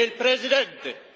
il presidente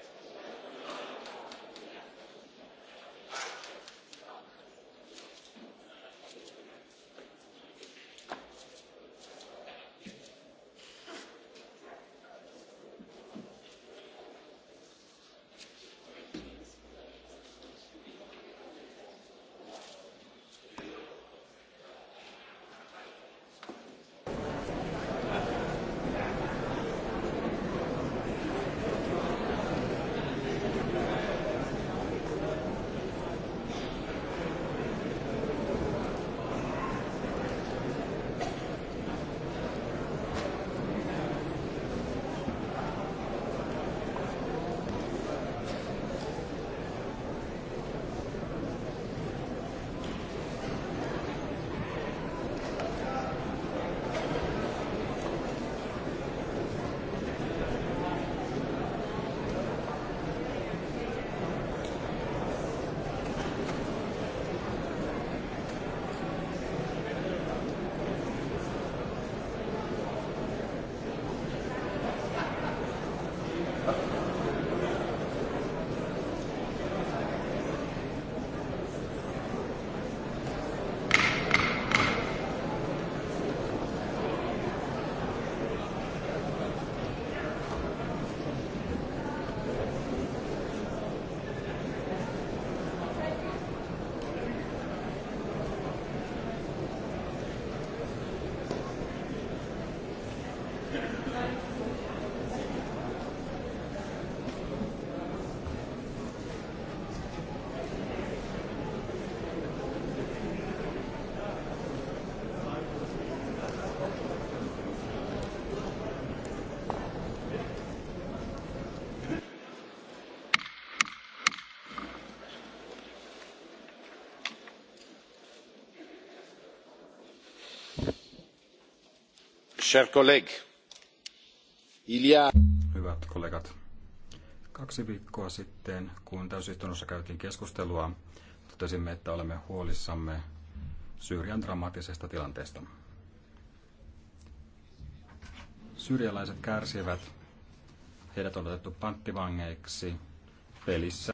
Chers collègues, il y a... Hyvät kollegat, kaksi viikkoa sitten, kun täysistunnossa käytiin keskustelua, totesimme, että olemme huolissamme Syyrian dramaattisesta tilanteesta. Syyrialaiset kärsivät, heidät on otettu panttivangeiksi pelissä.